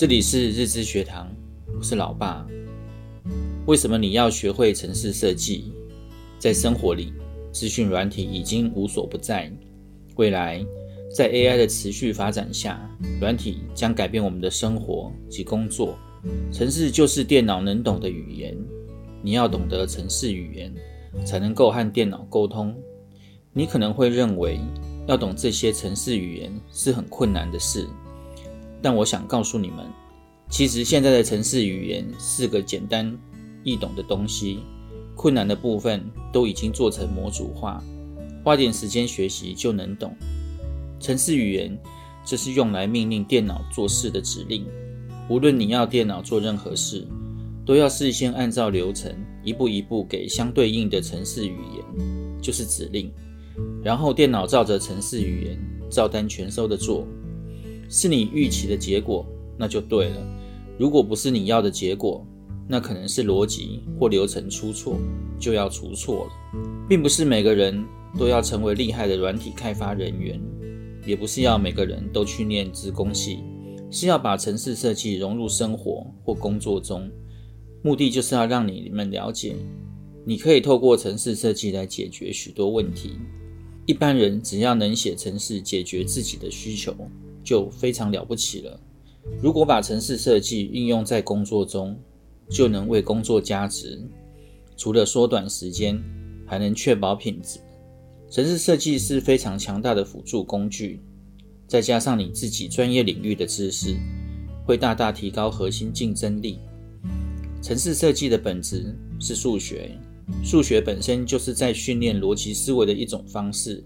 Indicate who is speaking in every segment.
Speaker 1: 這裡是日資學堂，我是老爸。為什麼你要學會程式設計？在生活裡，資訊軟體已經無所不在。未來，在 AI 的持續發展下，軟體將改變我們的生活及工作。程式就是電腦能懂的語言，你要懂得程式語言，才能夠和電腦溝通。你可能會認為，要懂這些程式語言是很困難的事。但我想告訴你們，其實現在的程式語言是個簡單易懂的東西，困難的部分都已經做成模組化，花點時間學習就能懂。程式語言，這是用來命令電腦做事的指令。無論你要電腦做任何事，都要事先按照流程一步一步給相對應的程式語言，就是指令，然後電腦照着程式語言照單全收的做。是你預期的結果，那就對了。如果不是你要的結果，那可能是邏輯或流程出錯，就要出錯了。並不是每個人都要成為厲害的軟體開發人員，也不是要每個人都去念資工系，是要把程式設計融入生活或工作中。目的就是要讓你們了解，你可以透過程式設計來解決許多問題。一般人只要能寫程式，解決自己的需求，就非常了不起了。如果把程式設計應用在工作中，就能為工作加值。除了縮短時間，還能確保品質。程式設計是非常強大的輔助工具，再加上你自己專業領域的知識，會大大提高核心競爭力。程式設計的本質是數學，數學本身就是在訓練邏輯思維的一種方式。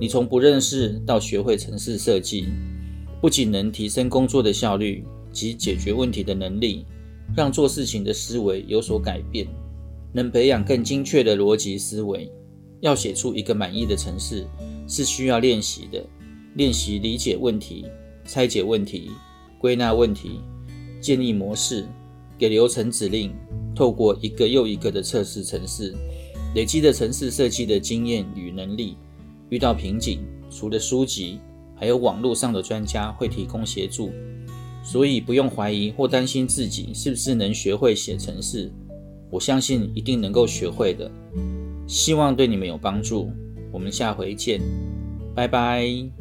Speaker 1: 你從不認識到學會程式設計。不僅能提升工作的效率及解決問題的能力，讓做事情的思維有所改變，能培養更精確的邏輯思維。要寫出一個滿意的程式是需要練習的，練習理解問題、拆解問題、歸納問題、建立模式、給流程指令，透過一個又一個的測試程式，累積的程式設計的經驗與能力。遇到瓶頸，除了書籍。還有網絡上的專家會提供協助，所以不用懷疑或擔心自己是不是能學會寫程式。我相信一定能夠學會的，希望對你們有幫助。我們下回見，拜拜。